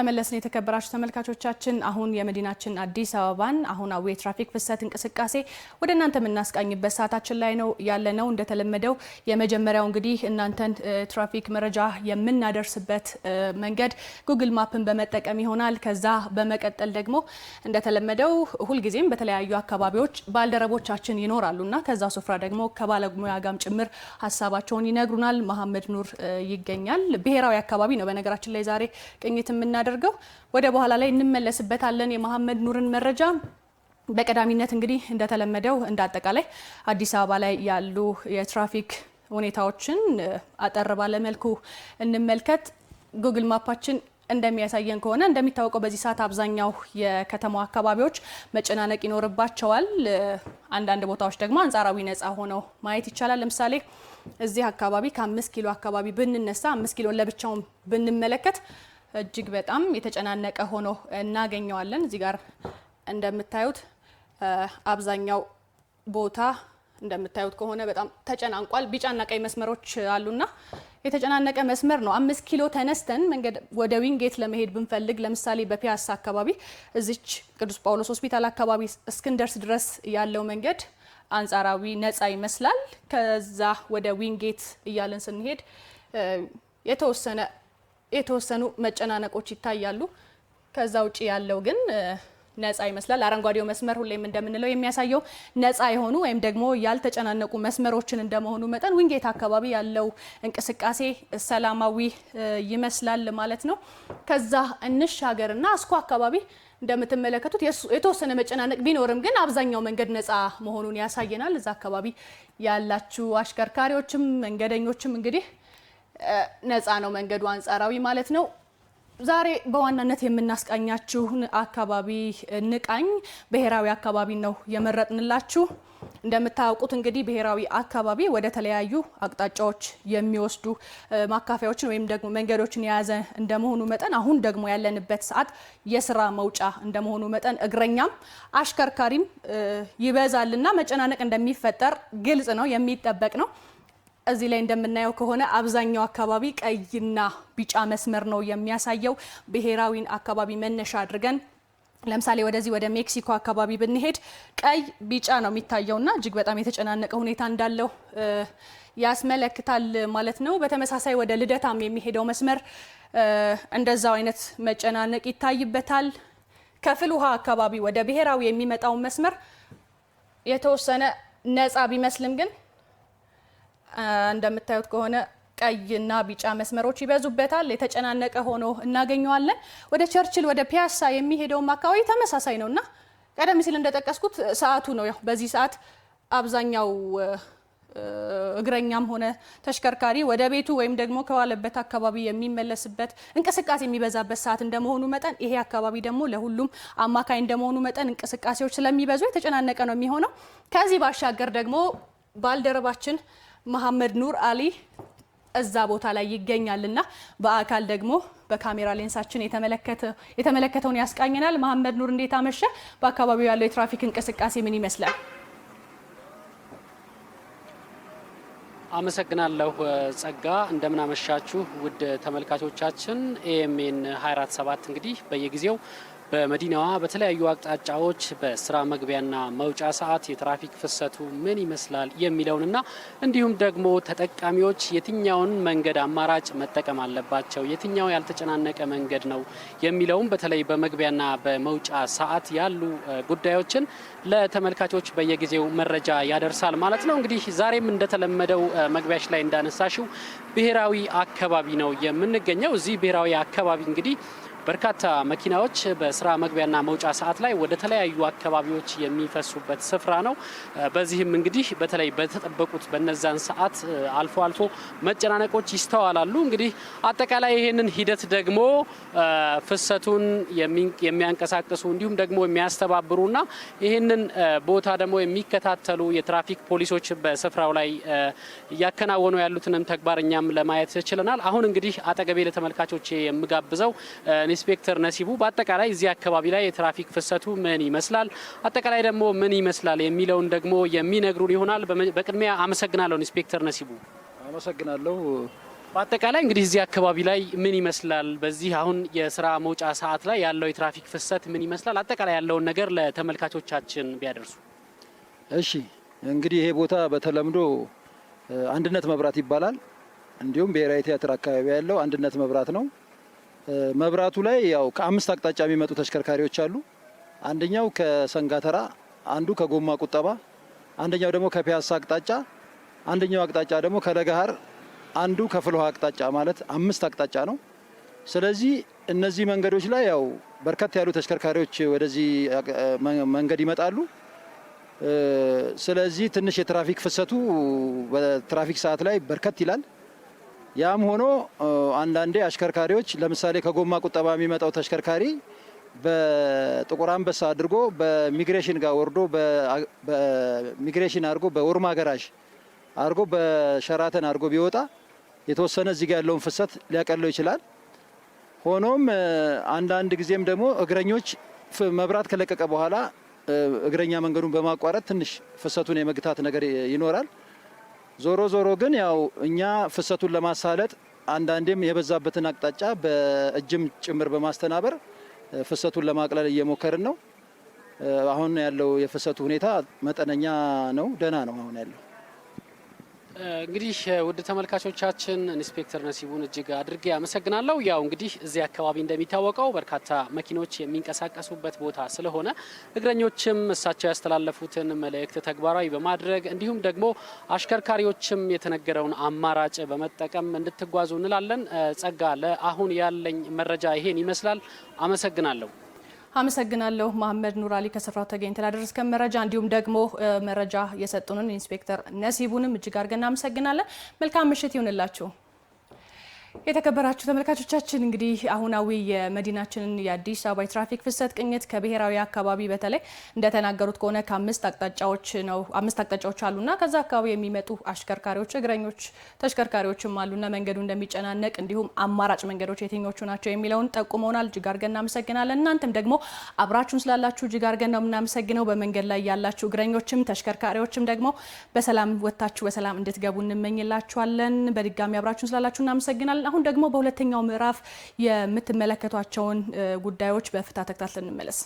ተመለስን። የተከበራችሁ ተመልካቾቻችን አሁን የመዲናችን አዲስ አበባን አሁናዊ የትራፊክ ፍሰት እንቅስቃሴ ወደ እናንተ የምናስቃኝበት ሰዓታችን ላይ ነው ነው። እንደተለመደው የመጀመሪያው እንግዲህ እናንተን ትራፊክ መረጃ የምናደርስበት መንገድ ጉግል ማፕን በመጠቀም ይሆናል። ከዛ በመቀጠል ደግሞ እንደተለመደው ሁልጊዜም በተለያዩ አካባቢዎች ባልደረቦቻችን እና ከዛ ስፍራ ደግሞ ከባለሙያ ጋም ጭምር ሀሳባቸውን ይነግሩናል። መሀመድ ኑር ይገኛል። ብሔራዊ አካባቢ ነው በነገራችን ላይ ዛሬ ቅኝት የምናደር የምናደርገው። ወደ በኋላ ላይ እንመለስበታለን። የመሐመድ ኑርን መረጃ በቀዳሚነት እንግዲህ እንደተለመደው እንደ አጠቃላይ አዲስ አበባ ላይ ያሉ የትራፊክ ሁኔታዎችን አጠር ባለ መልኩ እንመልከት። ጉግል ማፓችን እንደሚያሳየን ከሆነ እንደሚታወቀው በዚህ ሰዓት አብዛኛው የከተማው አካባቢዎች መጨናነቅ ይኖርባቸዋል። አንዳንድ ቦታዎች ደግሞ አንጻራዊ ነጻ ሆነው ማየት ይቻላል። ለምሳሌ እዚህ አካባቢ ከአምስት ኪሎ አካባቢ ብንነሳ አምስት ኪሎን ለብቻውን ብንመለከት እጅግ በጣም የተጨናነቀ ሆኖ እናገኘዋለን። እዚህ ጋር እንደምታዩት አብዛኛው ቦታ እንደምታዩት ከሆነ በጣም ተጨናንቋል። ቢጫና ቀይ መስመሮች አሉና የተጨናነቀ መስመር ነው። አምስት ኪሎ ተነስተን መንገድ ወደ ዊንጌት ለመሄድ ብንፈልግ ለምሳሌ በፒያሳ አካባቢ እዚች ቅዱስ ጳውሎስ ሆስፒታል አካባቢ እስክንደርስ ድረስ ያለው መንገድ አንጻራዊ ነጻ ይመስላል። ከዛ ወደ ዊንጌት እያለን ስንሄድ የተወሰነ የተወሰኑ መጨናነቆች ይታያሉ። ከዛ ውጭ ያለው ግን ነጻ ይመስላል። አረንጓዴው መስመር ሁሌም እንደምንለው የሚያሳየው ነጻ የሆኑ ወይም ደግሞ ያልተጨናነቁ መስመሮችን እንደመሆኑ መጠን ዊንጌት አካባቢ ያለው እንቅስቃሴ ሰላማዊ ይመስላል ማለት ነው። ከዛ እንሻገርና አስኮ አካባቢ እንደምትመለከቱት የተወሰነ መጨናነቅ ቢኖርም ግን አብዛኛው መንገድ ነጻ መሆኑን ያሳየናል። እዛ አካባቢ ያላችሁ አሽከርካሪዎችም መንገደኞችም እንግዲህ ነፃ ነው መንገዱ አንጻራዊ ማለት ነው። ዛሬ በዋናነት የምናስቃኛችሁን አካባቢ ንቃኝ ብሔራዊ አካባቢ ነው የመረጥንላችሁ። እንደምታውቁት እንግዲህ ብሔራዊ አካባቢ ወደ ተለያዩ አቅጣጫዎች የሚወስዱ ማካፊያዎችን ወይም ደግሞ መንገዶችን የያዘ እንደመሆኑ መጠን አሁን ደግሞ ያለንበት ሰዓት የስራ መውጫ እንደመሆኑ መጠን እግረኛም አሽከርካሪም ይበዛልና መጨናነቅ እንደሚፈጠር ግልጽ ነው፣ የሚጠበቅ ነው። እዚህ ላይ እንደምናየው ከሆነ አብዛኛው አካባቢ ቀይና ቢጫ መስመር ነው የሚያሳየው። ብሔራዊን አካባቢ መነሻ አድርገን ለምሳሌ ወደዚህ ወደ ሜክሲኮ አካባቢ ብንሄድ ቀይ ቢጫ ነው የሚታየውና እጅግ በጣም የተጨናነቀ ሁኔታ እንዳለው ያስመለክታል ማለት ነው። በተመሳሳይ ወደ ልደታም የሚሄደው መስመር እንደዛው አይነት መጨናነቅ ይታይበታል። ከፍል ውሃ አካባቢ ወደ ብሔራዊ የሚመጣውን መስመር የተወሰነ ነጻ ቢመስልም ግን እንደምታዩት ከሆነ ቀይና ቢጫ መስመሮች ይበዙበታል። የተጨናነቀ ሆኖ እናገኘዋለን። ወደ ቸርችል ወደ ፒያሳ የሚሄደውም አካባቢ ተመሳሳይ ነውና ቀደም ሲል እንደጠቀስኩት ሰዓቱ ነው። ያው በዚህ ሰዓት አብዛኛው እግረኛም ሆነ ተሽከርካሪ ወደ ቤቱ ወይም ደግሞ ከዋለበት አካባቢ የሚመለስበት እንቅስቃሴ የሚበዛበት ሰዓት እንደመሆኑ መጠን ይሄ አካባቢ ደግሞ ለሁሉም አማካኝ እንደመሆኑ መጠን እንቅስቃሴዎች ስለሚበዙ የተጨናነቀ ነው የሚሆነው። ከዚህ ባሻገር ደግሞ ባልደረባችን መሐመድ ኑር አሊ እዛ ቦታ ላይ ይገኛል እና በአካል ደግሞ በካሜራ ሌንሳችን የተመለከተውን ያስቃኘናል። መሐመድ ኑር እንዴት አመሸ? በአካባቢው ያለው የትራፊክ እንቅስቃሴ ምን ይመስላል? አመሰግናለሁ ጸጋ። እንደምን አመሻችሁ ውድ ተመልካቾቻችን። ኤኤምኤን 247 እንግዲህ በየጊዜው በመዲናዋ በተለያዩ አቅጣጫዎች በስራ መግቢያና መውጫ ሰዓት የትራፊክ ፍሰቱ ምን ይመስላል የሚለውንና እንዲሁም ደግሞ ተጠቃሚዎች የትኛውን መንገድ አማራጭ መጠቀም አለባቸው፣ የትኛው ያልተጨናነቀ መንገድ ነው የሚለውም በተለይ በመግቢያና በመውጫ ሰዓት ያሉ ጉዳዮችን ለተመልካቾች በየጊዜው መረጃ ያደርሳል ማለት ነው። እንግዲህ ዛሬም እንደተለመደው መግቢያሽ ላይ እንዳነሳሽው ብሔራዊ አካባቢ ነው የምንገኘው። እዚህ ብሔራዊ አካባቢ እንግዲህ በርካታ መኪናዎች በስራ መግቢያና መውጫ ሰዓት ላይ ወደ ተለያዩ አካባቢዎች የሚፈሱበት ስፍራ ነው። በዚህም እንግዲህ በተለይ በተጠበቁት በነዛን ሰዓት አልፎ አልፎ መጨናነቆች ይስተዋላሉ። እንግዲህ አጠቃላይ ይህንን ሂደት ደግሞ ፍሰቱን የሚያንቀሳቅሱ እንዲሁም ደግሞ የሚያስተባብሩና ይህንን ቦታ ደግሞ የሚከታተሉ የትራፊክ ፖሊሶች በስፍራው ላይ እያከናወኑ ያሉትንም ተግባር እኛም ለማየት ችለናል። አሁን እንግዲህ አጠገቤ ለተመልካቾች የምጋብዘው ኢንስፔክተር ነሲቡ በአጠቃላይ እዚህ አካባቢ ላይ የትራፊክ ፍሰቱ ምን ይመስላል፣ አጠቃላይ ደግሞ ምን ይመስላል የሚለውን ደግሞ የሚነግሩን ይሆናል። በቅድሚያ አመሰግናለሁ ኢንስፔክተር ነሲቡ። አመሰግናለሁ። በአጠቃላይ እንግዲህ እዚህ አካባቢ ላይ ምን ይመስላል፣ በዚህ አሁን የስራ መውጫ ሰዓት ላይ ያለው የትራፊክ ፍሰት ምን ይመስላል፣ አጠቃላይ ያለውን ነገር ለተመልካቾቻችን ቢያደርሱ። እሺ እንግዲህ ይሄ ቦታ በተለምዶ አንድነት መብራት ይባላል። እንዲሁም ብሔራዊ ቲያትር አካባቢ ያለው አንድነት መብራት ነው። መብራቱ ላይ ያው ከአምስት አቅጣጫ የሚመጡ ተሽከርካሪዎች አሉ። አንደኛው ከሰንጋተራ፣ አንዱ ከጎማ ቁጠባ፣ አንደኛው ደግሞ ከፒያሳ አቅጣጫ፣ አንደኛው አቅጣጫ ደግሞ ከለገሃር፣ አንዱ ከፍልሃ አቅጣጫ ማለት አምስት አቅጣጫ ነው። ስለዚህ እነዚህ መንገዶች ላይ ያው በርከት ያሉ ተሽከርካሪዎች ወደዚህ መንገድ ይመጣሉ። ስለዚህ ትንሽ የትራፊክ ፍሰቱ በትራፊክ ሰዓት ላይ በርከት ይላል። ያም ሆኖ አንዳንዴ አሽከርካሪዎች ለምሳሌ ከጎማ ቁጠባ የሚመጣው ተሽከርካሪ በጥቁር አንበሳ አድርጎ በሚግሬሽን ጋር ወርዶ በሚግሬሽን አድርጎ በኦርማ ገራዥ አድርጎ በሸራተን አድርጎ ቢወጣ የተወሰነ እዚጋ ያለውን ፍሰት ሊያቀለው ይችላል። ሆኖም አንዳንድ ጊዜም ደግሞ እግረኞች መብራት ከለቀቀ በኋላ እግረኛ መንገዱን በማቋረጥ ትንሽ ፍሰቱን የመግታት ነገር ይኖራል። ዞሮ ዞሮ ግን ያው እኛ ፍሰቱን ለማሳለጥ አንዳንዴም የበዛበትን አቅጣጫ በእጅም ጭምር በማስተናበር ፍሰቱን ለማቅለል እየሞከርን ነው። አሁን ያለው የፍሰቱ ሁኔታ መጠነኛ ነው፣ ደህና ነው አሁን ያለው። እንግዲህ ውድ ተመልካቾቻችን ኢንስፔክተር ነሲቡን እጅግ አድርጌ አመሰግናለሁ። ያው እንግዲህ እዚህ አካባቢ እንደሚታወቀው በርካታ መኪኖች የሚንቀሳቀሱበት ቦታ ስለሆነ እግረኞችም እሳቸው ያስተላለፉትን መልእክት ተግባራዊ በማድረግ እንዲሁም ደግሞ አሽከርካሪዎችም የተነገረውን አማራጭ በመጠቀም እንድትጓዙ እንላለን። ጸጋ፣ ለአሁን ያለኝ መረጃ ይሄን ይመስላል። አመሰግናለሁ። አመሰግናለሁ መሀመድ ኑር አሊ ከስፍራው ተገኝተን ላደረስከን መረጃ እንዲሁም ደግሞ መረጃ የሰጡንን ኢንስፔክተር ነሲቡንም እጅግ አድርገን እናመሰግናለን። መልካም ምሽት ይሁንላችሁ። የተከበራችሁ ተመልካቾቻችን እንግዲህ አሁናዊ የመዲናችንን የአዲስ አበባ የትራፊክ ፍሰት ቅኝት ከብሔራዊ አካባቢ በተለይ እንደተናገሩት ከሆነ ከአምስት አቅጣጫዎች ነው አምስት አቅጣጫዎች አሉና ከዛ አካባቢ የሚመጡ አሽከርካሪዎች፣ እግረኞች፣ ተሽከርካሪዎችም አሉና መንገዱ እንደሚጨናነቅ እንዲሁም አማራጭ መንገዶች የትኞቹ ናቸው የሚለውን ጠቁመውናል። እጅግ አድርገን እናመሰግናለን። እናንተም ደግሞ አብራችሁን ስላላችሁ እጅግ አድርገን ነው የምናመሰግነው። በመንገድ ላይ ያላችሁ እግረኞችም ተሽከርካሪዎችም ደግሞ በሰላም ወጥታችሁ በሰላም እንድትገቡ እንመኝላችኋለን። በድጋሚ አብራችሁን ስላላችሁ እናመሰግናለን። ይመስላል። አሁን ደግሞ በሁለተኛው ምዕራፍ የምትመለከቷቸውን ጉዳዮች በፍታ ተከታትለን እንመለስ።